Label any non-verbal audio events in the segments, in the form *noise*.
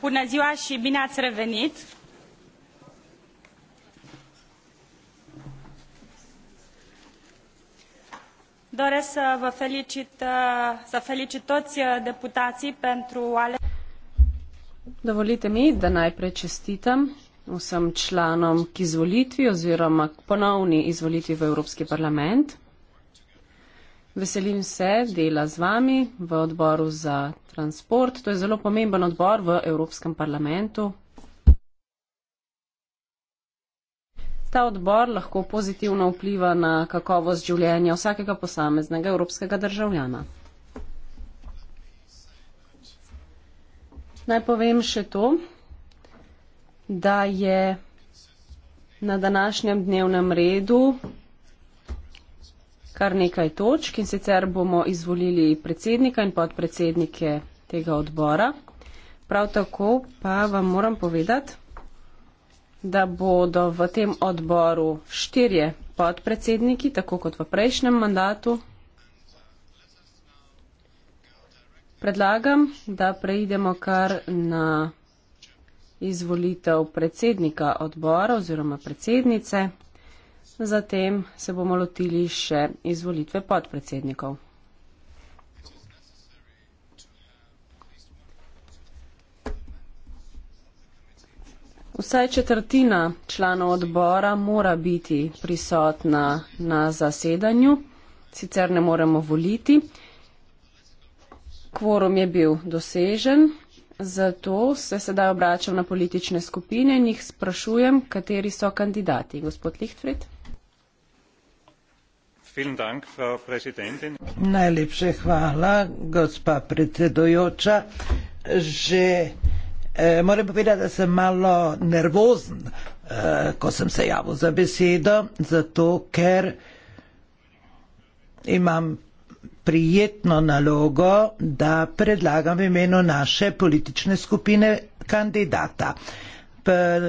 Bună ziua și bine ați revenit! Doresc să vă felicit, uh, să felicit toți uh, deputații pentru ale... Dovolite mi da najprej čestitam vsem članom k izvolitvi oziroma k ponovni izvolitvi v Evropski parlament. Veselim se dela z vami v odboru za transport. To je zelo pomemben odbor v Evropskem parlamentu. Ta odbor lahko pozitivno vpliva na kakovost življenja vsakega posameznega evropskega državljana. Naj povem še to, da je na današnjem dnevnem redu kar nekaj točk in sicer bomo izvolili predsednika in podpredsednike tega odbora. Prav tako pa vam moram povedati, da bodo v tem odboru štirje podpredsedniki, tako kot v prejšnjem mandatu. Predlagam, da preidemo kar na izvolitev predsednika odbora oziroma predsednice. Zatem se bomo lotili še izvolitve podpredsednikov. vsaj četrtina članov odbora mora biti prisotna na zasedanju, sicer ne moremo voliti. Kvorum je bil dosežen, zato se sedaj obračam na politične skupine in jih sprašujem, kateri so kandidati. Gospod Lichtfried. Najlepše hvala, gospa predsedujoča. Že Eh, moram povedati, da sem malo nervozen, eh, ko sem se javil za besedo, zato ker imam prijetno nalogo, da predlagam v imenu naše politične skupine kandidata.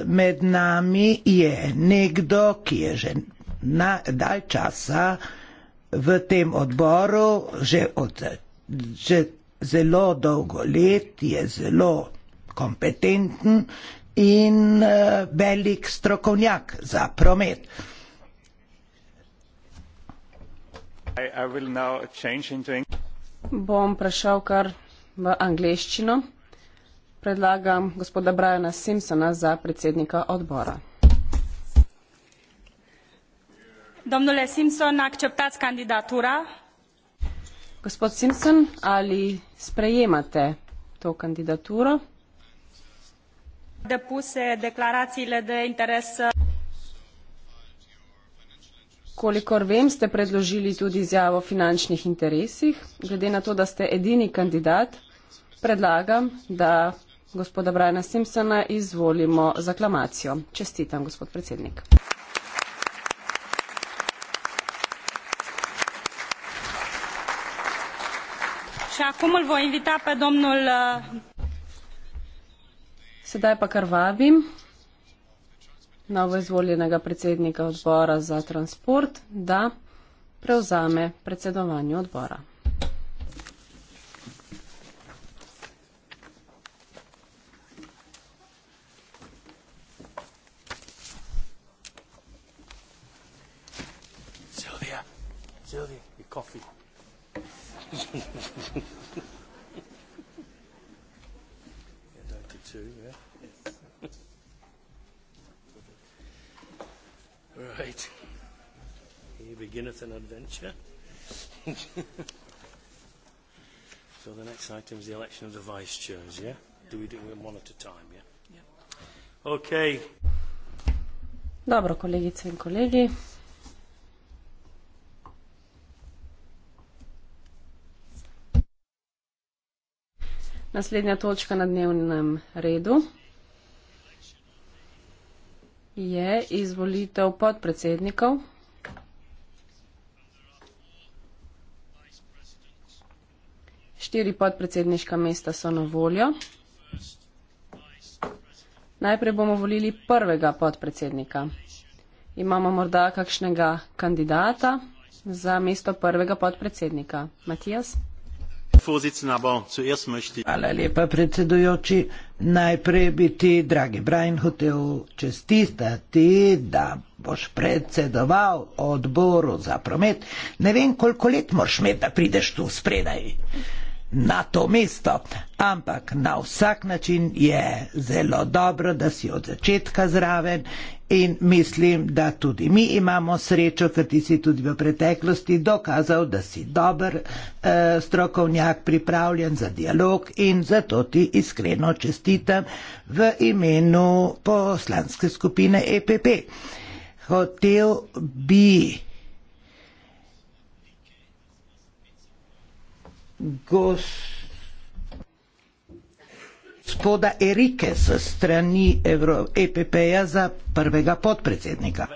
Med nami je nekdo, ki je že na dalj časa v tem odboru, že, od, že zelo dolgo let je zelo kompetenten in eh, velik strokovnjak za promet. Bom prešel kar v angliščino. Predlagam gospoda Briana Simpsona za predsednika odbora. Domnule Simpson, akceptac kandidatura? Gospod Simpson, ali sprejemate to kandidaturo? depuse declarațiile de interes. Kolikor vem, ste predložili tudi izjavo o finančnih interesih. Glede na to, da ste edini kandidat, predlagam, da gospoda Brajna Simpsona izvolimo z aklamacijo. Čestitam, gospod predsednik. Și acum îl voi invita pe domnul Sedaj pa kar vabim novo izvoljenega predsednika odbora za transport, da prevzame predsedovanje odbora. dementia. *laughs* so the next item is the election of the vice chairs, yeah? Do we do them one at a time, yeah? yeah. Okay. Dobro, kolegice in kolegi. Naslednja točka na dnevnem redu je izvolitev podpredsednikov Štiri podpredsedniška mesta so na voljo. Najprej bomo volili prvega podpredsednika. Imamo morda kakšnega kandidata za mesto prvega podpredsednika. Matijas? Hvala lepa, predsedujoči. Najprej bi ti, dragi Brian, hotel čestitati, da boš predsedoval odboru za promet. Ne vem, koliko let moraš imeti, da prideš tu spredaj na to mesto. Ampak na vsak način je zelo dobro, da si od začetka zraven in mislim, da tudi mi imamo srečo, ker ti si tudi v preteklosti dokazal, da si dober eh, strokovnjak, pripravljen za dialog in zato ti iskreno čestitam v imenu poslanske skupine EPP. Hotel bi gospoda Erike sa strani Evro EPP-ja za prvega podpredsednika.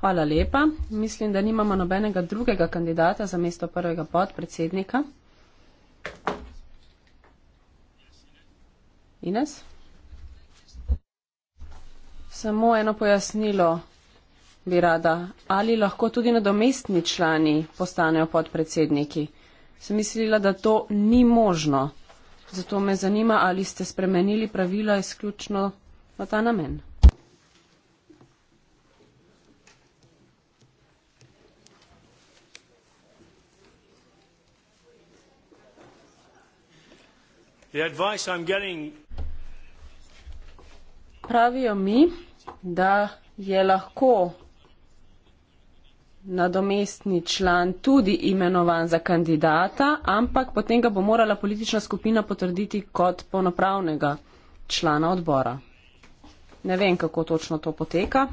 Hvala lepa. Mislim, da nimamo nobenega drugega kandidata za mesto prvega podpredsednika. Ines? Samo eno pojasnilo bi rada. Ali lahko tudi nadomestni člani postanejo podpredsedniki? sem mislila, da to ni možno. Zato me zanima, ali ste spremenili pravila izključno na ta namen. Pravijo mi, da je lahko nadomestni član tudi imenovan za kandidata, ampak potem ga bo morala politična skupina potrditi kot ponopravnega člana odbora. Ne vem, kako točno to poteka.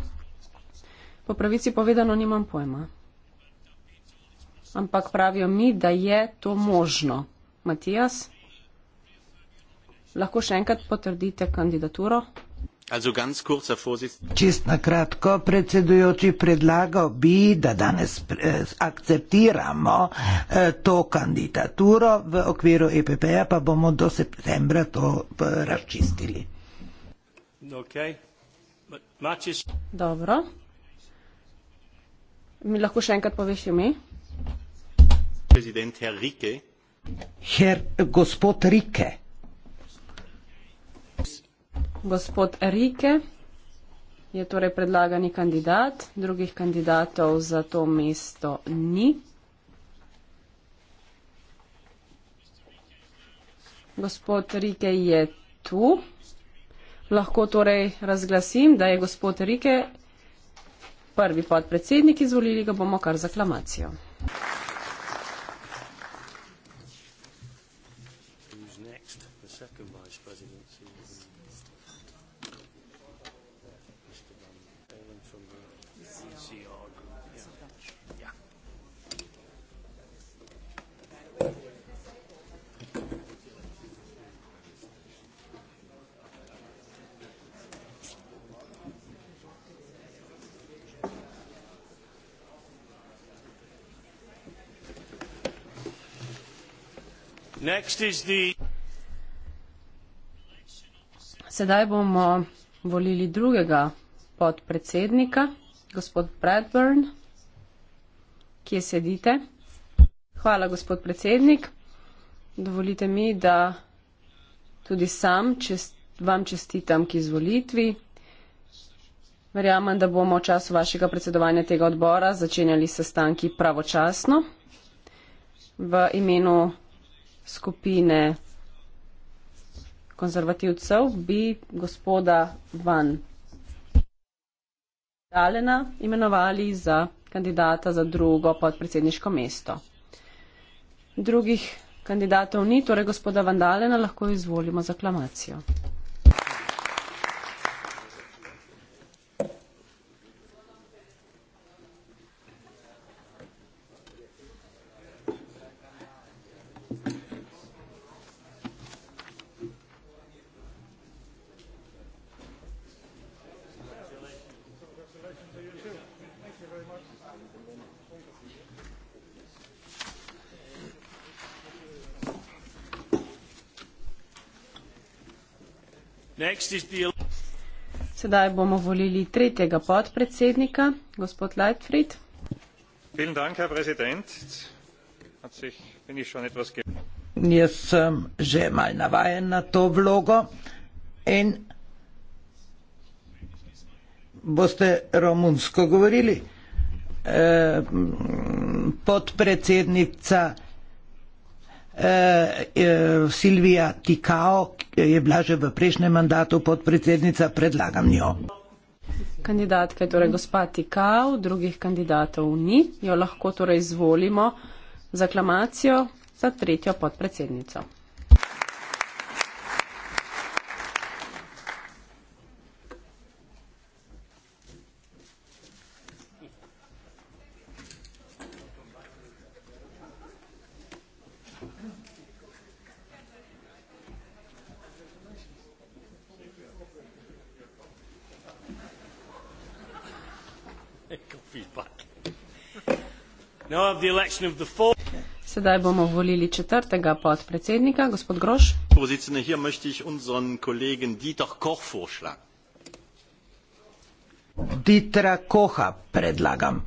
Po pravici povedano nimam pojma. Ampak pravijo mi, da je to možno. Matijas, lahko še enkrat potrdite kandidaturo? Čist na kratko, predsedujoči, predlagal bi, da danes eh, akceptiramo eh, to kandidaturo v okviru EPP-ja, pa bomo do septembra to eh, razčistili. Dobro. Mi lahko še enkrat poveš ime? Gospod Rike. Gospod Rike gospod Rike je torej predlagani kandidat, drugih kandidatov za to mesto ni. Gospod Rike je tu. Lahko torej razglasim, da je gospod Rike prvi podpredsednik, izvolili ga bomo kar z aklamacijo. Who's next? The second vice president. Is... Sedaj bomo volili drugega podpredsednika, gospod Bradburn. Kje sedite? Hvala, gospod predsednik. Dovolite mi, da tudi sam čest, vam čestitam k izvolitvi. Verjamem, da bomo v času vašega predsedovanja tega odbora začenjali sestanki pravočasno. V imenu skupine konzervativcev bi gospoda Van Dalena imenovali za kandidata za drugo podpredsedniško mesto. Drugih kandidatov ni, torej gospoda Van Dalena lahko izvolimo za aklamacijo. Sedaj bomo volili tretjega podpredsednika, gospod Leitfried. Jaz sem že mal navajen na to vlogo in boste romunsko govorili. Eh, podpredsednica Eh, eh, Silvija Tikao je bila že v prejšnjem mandatu podpredsednica, predlagam njo. Kandidatka je torej gospa Tikao, drugih kandidatov ni, jo lahko torej izvolimo za klamacijo za tretjo podpredsednico. Sedaj bomo volili četrtega podpredsednika, gospod Groš. Dietra Koha predlagam.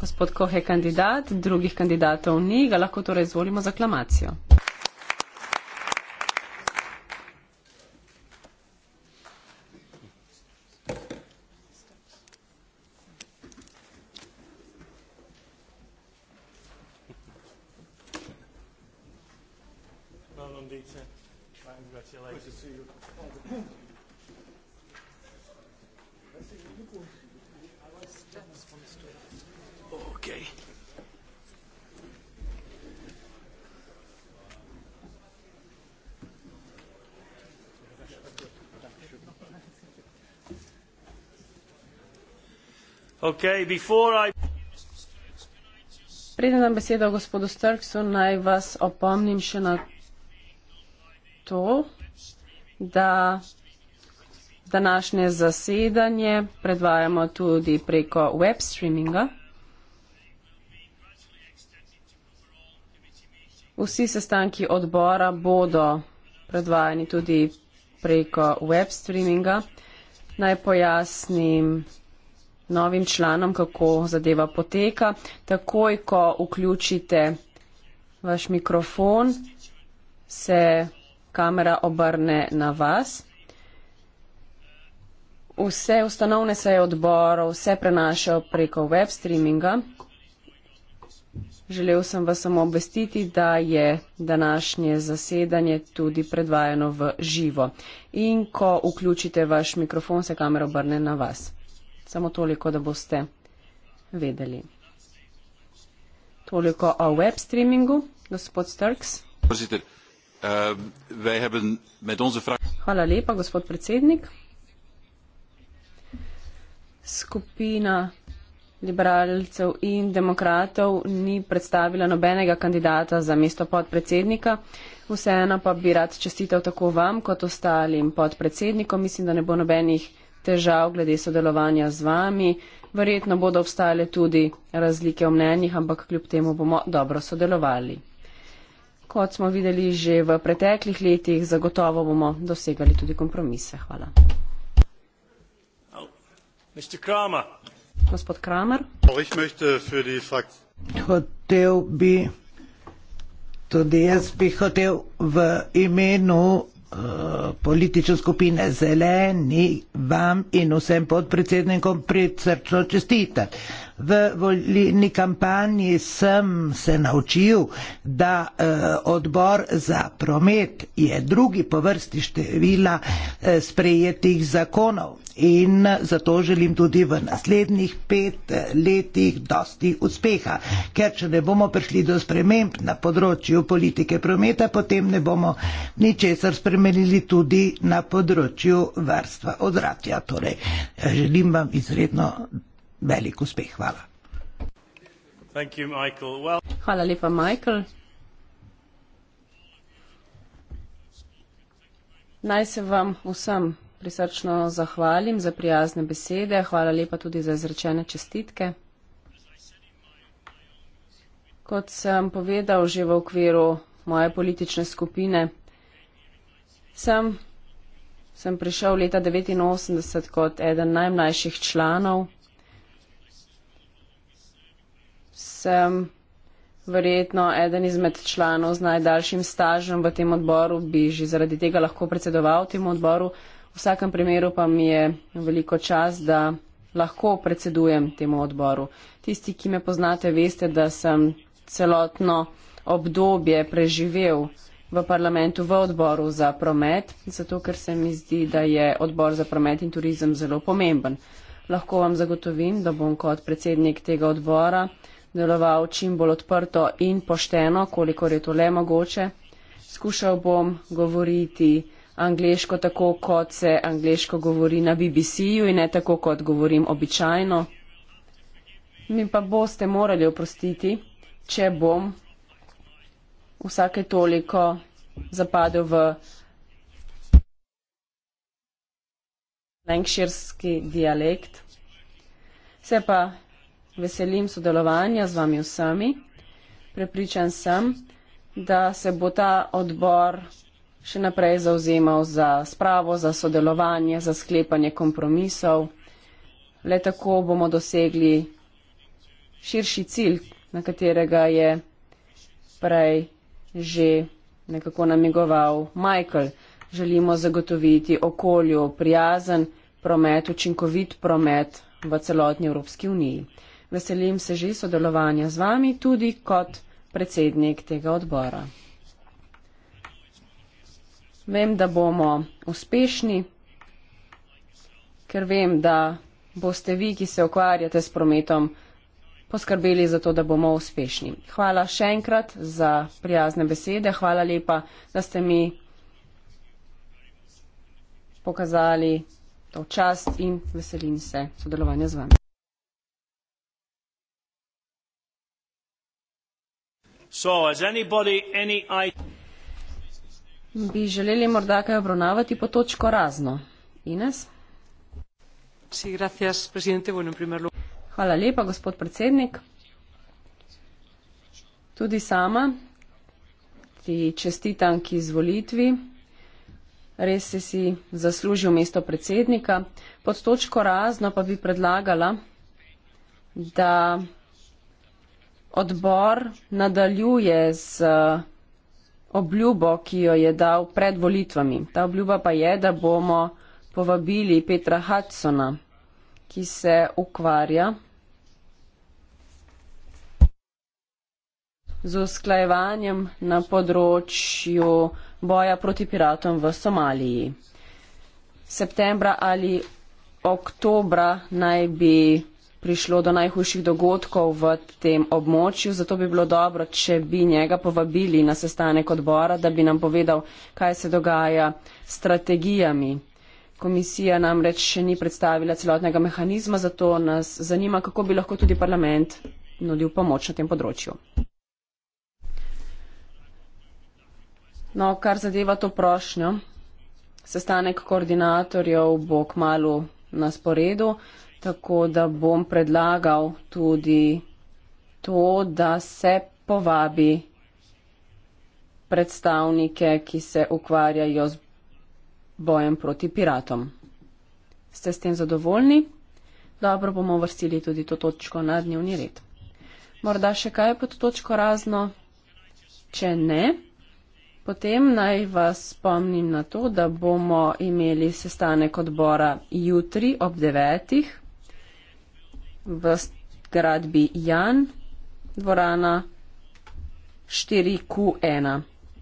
Gospod Koh je kandidat, drugih kandidatov ni, ga lahko torej izvolimo za aklamacijo. Preden dam besedo gospodu Sturksu, naj vas opomnim še na to, da današnje zasedanje predvajamo tudi preko web streaminga. Vsi sestanki odbora bodo predvajani tudi preko web streaminga. Naj pojasnim, novim članom, kako zadeva poteka. Takoj, ko vključite vaš mikrofon, se kamera obrne na vas. Vse ustanovne seje odborov se prenašajo preko web streaminga. Želel sem vas samo obvestiti, da je današnje zasedanje tudi predvajano v živo. In ko vključite vaš mikrofon, se kamera obrne na vas. Samo toliko, da boste vedeli. Toliko o web streamingu, gospod Sturks. Ehm, Hvala lepa, gospod predsednik. Skupina liberalcev in demokratov ni predstavila nobenega kandidata za mesto podpredsednika. Vseeno pa bi rad čestitev tako vam kot ostalim podpredsednikom. Mislim, da ne bo nobenih težav glede sodelovanja z vami. Verjetno bodo obstajale tudi razlike v mnenjih, ampak kljub temu bomo dobro sodelovali. Kot smo videli že v preteklih letih, zagotovo bomo dosegali tudi kompromise. Hvala. Gospod Kramer. Hotel bi, tudi jaz bi hotel v imenu Eh, politične skupine Zeleni vam in vsem podpredsednikom predsrčno čestitam. V volilni kampanji sem se naučil, da eh, odbor za promet je drugi po vrsti števila eh, sprejetih zakonov in zato želim tudi v naslednjih pet letih dosti uspeha, ker če ne bomo prišli do sprememb na področju politike prometa, potem ne bomo ničesar spremenili tudi na področju varstva odratja. Torej, želim vam izredno velik uspeh. Hvala. You, well... Hvala lepa, Michael. Naj se vam vsem prisrčno zahvalim za prijazne besede, hvala lepa tudi za izrečene čestitke. Kot sem povedal že v okviru moje politične skupine, sem, sem prišel leta 1989 kot eden najmlajših članov. Sem verjetno eden izmed članov z najdaljšim stažem v tem odboru, bi že zaradi tega lahko predsedoval temu odboru. V vsakem primeru pa mi je veliko čas, da lahko predsedujem temu odboru. Tisti, ki me poznate, veste, da sem celotno obdobje preživel v parlamentu v odboru za promet, zato ker se mi zdi, da je odbor za promet in turizem zelo pomemben. Lahko vam zagotovim, da bom kot predsednik tega odbora deloval čim bolj odprto in pošteno, kolikor je to le mogoče. Skušal bom govoriti angliško tako, kot se angliško govori na BBC-ju in ne tako, kot govorim običajno. Mi pa boste morali oprostiti, če bom vsake toliko zapadel v lankširski dialekt. Se pa veselim sodelovanja z vami vsemi. Prepričan sem, da se bo ta odbor še naprej zauzemal za spravo, za sodelovanje, za sklepanje kompromisov. Le tako bomo dosegli širši cilj, na katerega je prej že nekako namigoval Michael. Želimo zagotoviti okolju prijazen promet, učinkovit promet v celotni Evropski uniji. Veselim se že sodelovanja z vami tudi kot predsednik tega odbora. Vem, da bomo uspešni, ker vem, da boste vi, ki se ukvarjate s prometom, poskrbeli za to, da bomo uspešni. Hvala še enkrat za prijazne besede. Hvala lepa, da ste mi pokazali to čast in veselim se sodelovanja z vami. So, has anybody any idea? Bi želeli morda kaj obravnavati po točko razno? Ines? Hvala lepa, gospod predsednik. Tudi sama ti čestitam k izvolitvi. Res si si zaslužil mesto predsednika. Pod točko razno pa bi predlagala, da odbor nadaljuje z obljubo, ki jo je dal pred volitvami. Ta obljuba pa je, da bomo povabili Petra Hudsona, ki se ukvarja z usklajevanjem na področju boja proti piratom v Somaliji. Septembra ali oktobra naj bi prišlo do najhujših dogodkov v tem območju. Zato bi bilo dobro, če bi njega povabili na sestanek odbora, da bi nam povedal, kaj se dogaja s strategijami. Komisija namreč še ni predstavila celotnega mehanizma, zato nas zanima, kako bi lahko tudi parlament nudil pomoč na tem področju. No, kar zadeva to prošnjo, sestanek koordinatorjev bo k malu na sporedu. Tako da bom predlagal tudi to, da se povabi predstavnike, ki se ukvarjajo z bojem proti piratom. Ste s tem zadovoljni? Dobro bomo vrstili tudi to točko na dnevni red. Morda še kaj pod točko razno? Če ne, potem naj vas spomnim na to, da bomo imeli sestanek odbora jutri ob devetih v zgradbi Jan, dvorana 4Q1,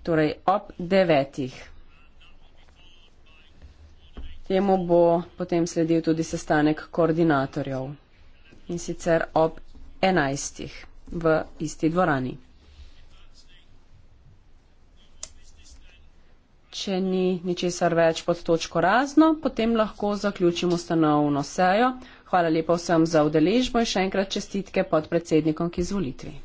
torej ob devetih. Temu bo potem sledil tudi sestanek koordinatorjev in sicer ob enajstih v isti dvorani. Če ni ničesar več pod točko razno, potem lahko zaključimo stanovno sejo. Hvala lepa vsem za udeležbo in še enkrat čestitke podpredsednikom k izvolitvi.